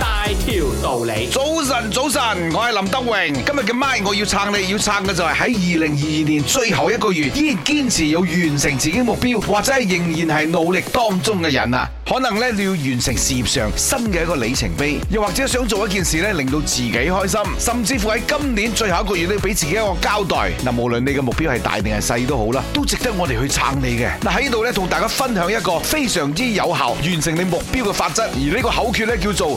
大條道理，早晨早晨，我係林德榮。今日嘅咪我要撐你，要撐嘅就係喺二零二二年最後一個月依然堅持要完成自己目標，或者係仍然係努力當中嘅人啊。可能咧你要完成事業上新嘅一個里程碑，又或者想做一件事咧令到自己開心，甚至乎喺今年最後一個月咧俾自己一個交代。嗱，無論你嘅目標係大定係細都好啦，都值得我哋去撐你嘅。嗱，喺度咧同大家分享一個非常之有效完成你的目標嘅法則，而呢個口訣咧叫做。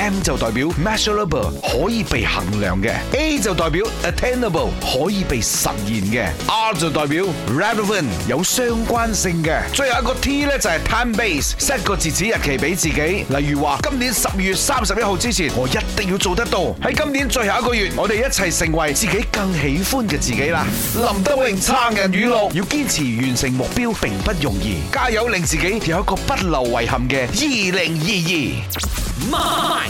M 就代表 measurable 可以被衡量嘅，A 就代表 attainable 可以被實現嘅，R 就代表 relevant 有相關性嘅，最後一個 T 咧就係、是、time base set 個截止日期俾自己，例如話今年十二月三十一號之前，我一定要做得到。喺今年最後一個月，我哋一齊成為自己更喜歡嘅自己啦。林德榮撐人語錄：要堅持完成目標並不容易，加油令自己有一個不留遺憾嘅二零二二。